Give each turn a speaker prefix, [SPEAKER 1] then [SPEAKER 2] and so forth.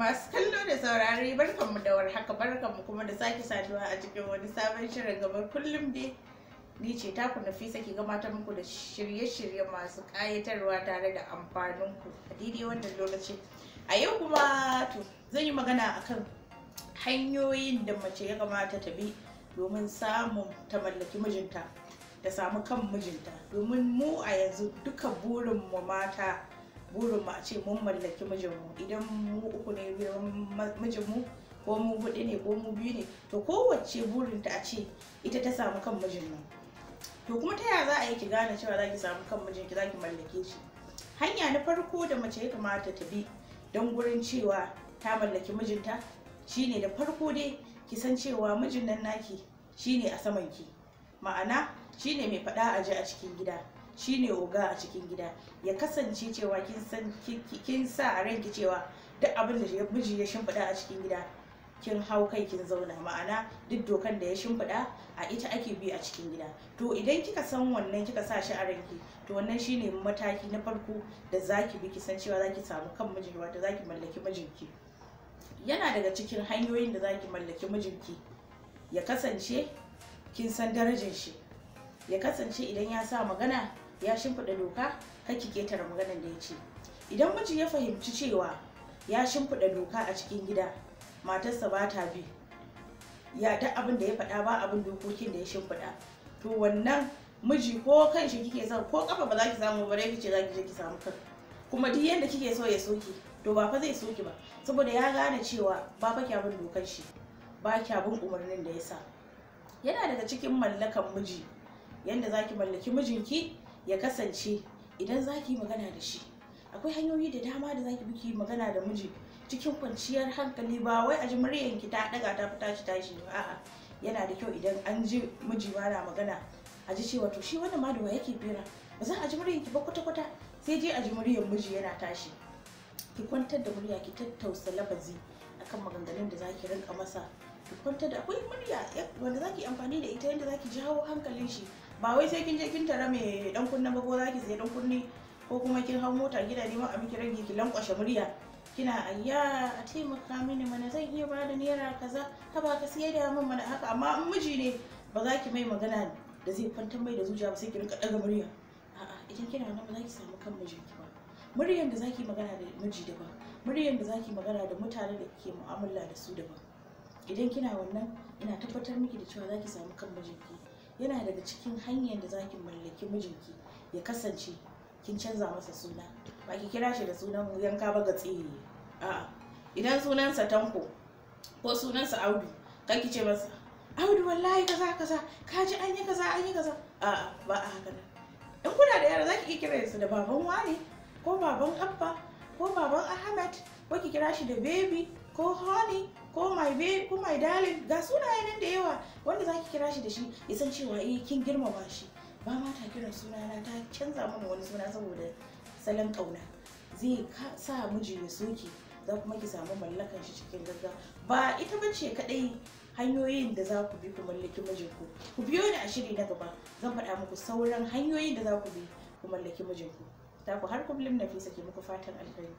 [SPEAKER 1] Masu kallo da saurari barkanmu da warhaka barkanmu kuma da sake saduwa a cikin wani sabon shirin gabar kullum dai ni ce taku Nafisa ke gabata muku da shirye-shirye masu kayatarwa tare da amfanin ku. a daidai wannan lokaci. A yau kuma to zan yi magana akan hanyoyin da mace ya kamata ta bi domin samun ta mallaki mijinta da samu kan mijinta domin mu a yanzu duka burin mu mata burin mu a ce mun mallaki mijinmu idan mu uku ne mijinmu ko mu hudu ne ko mu biyu ne to kowace burin ta a ce ita ta samu kan mijin nan to kuma ta yaya za a yi ki gane cewa za ki samu kan mijin ki za ki mallake shi hanya na farko da mace ya kamata ta bi don gurin cewa ta mallaki mijinta shine da farko dai ki san cewa mijin nan naki shine a saman ki ma'ana shine mai faɗa aje a cikin gida shine oga a cikin gida ya kasance cewa kin san kin sa a ranki cewa duk abin da miji ya shimfiɗa a cikin gida kin hau kai kin zauna ma'ana duk dokan da ya shimfiɗa a ita ake bi a cikin gida to idan kika san wannan kika sa shi a ranki to wannan shine mataki na farko da zaki bi ki san cewa zaki samu kan miji wato zaki mallaki mijinki yana daga cikin hanyoyin da zaki mallaki mijinki ya kasance kin san darajar shi ya kasance idan ya sa magana ya shimfiɗa doka hakki ki ketare maganar da ya ce idan miji ya fahimci cewa ya shimfiɗa doka a cikin gida matarsa ba ta bi ya ta abin da ya faɗa ba abin dokokin da ya shimfiɗa to wannan miji ko kan shi kike son ko kafa ba za ki samu ba dai ce za ki je ki samu kan kuma duk yanda kike so ya soki to ba fa zai soki ba saboda ya gane cewa ba fa kya bin dokar shi ba kya bin umarnin da ya sa yana daga cikin mallakan miji yanda za ki mallaki mijinki ya kasance idan za ki magana da shi akwai hanyoyi da dama da za ki biki magana da miji cikin kwanciyar hankali ba wai a ji ki ta daga ta fita shi tashi ba a'a yana da kyau idan an ji miji ba na magana a ji cewa to shi wannan ma da wa yake fira ba za a ji ki ba kwata kwata sai je a ji muryar miji yana tashi ki kwantar da murya ki tattausa labazi akan maganganun da za ki rinka masa ki kwantar da akwai murya wanda za ki amfani da ita yadda ki jawo hankalin shi ba wai sai kin je kin tara mai dan kunna ba ko za ki sai dan kunni ko kuma kin hau mota gida ma abin miki rage ki lankwashe murya kina ayya a taimaka mini mana zan iya ba da naira kaza ka ba ka siya da mun mana haka amma in miji ne ba za ki mai magana da zai kwantar mai da zuciya ba sai ki rinka daga murya a'a idan kina nan ba za ki samu kan mijinki ba muryan da zaki magana da miji ba muryan da zaki magana da mutane da ke mu'amala da su ba idan kina wannan ina tabbatar miki da cewa za ki samu kan mijinki yana daga cikin hanyar da zaki mallaki mijinki ya kasance kin canza masa suna ba ki kira shi da sunan yanka ba ga tsiri a'a idan sunansa tanko ko sunansa audu kan ki ce masa audu wallahi kaza kaza ka ji an yi kaza an yi kaza a'a ba a haka nan in kuna da yara zaki iya kira su da baban Wani, ko baban abba ko baban ahmad ko ki kira shi da baby ko honey my babe ko my darling ga sunaye nan da yawa wanda zaki kira shi da shi ya san cewa eh kin girmama shi ba ma ta kiran sunana ta canza mana wani suna saboda salon kauna zai sa miji ya soke za kuma ki samu mallakan shi cikin gaggawa ba ita bace kadai hanyoyin da za ku bi ku mallaki mijinku ku biyo ni a shiri na gaba zan faɗa muku sauran hanyoyin da za ku bi ku mallaki mijinku ta ku har kullum nafisa ke muku fatan alheri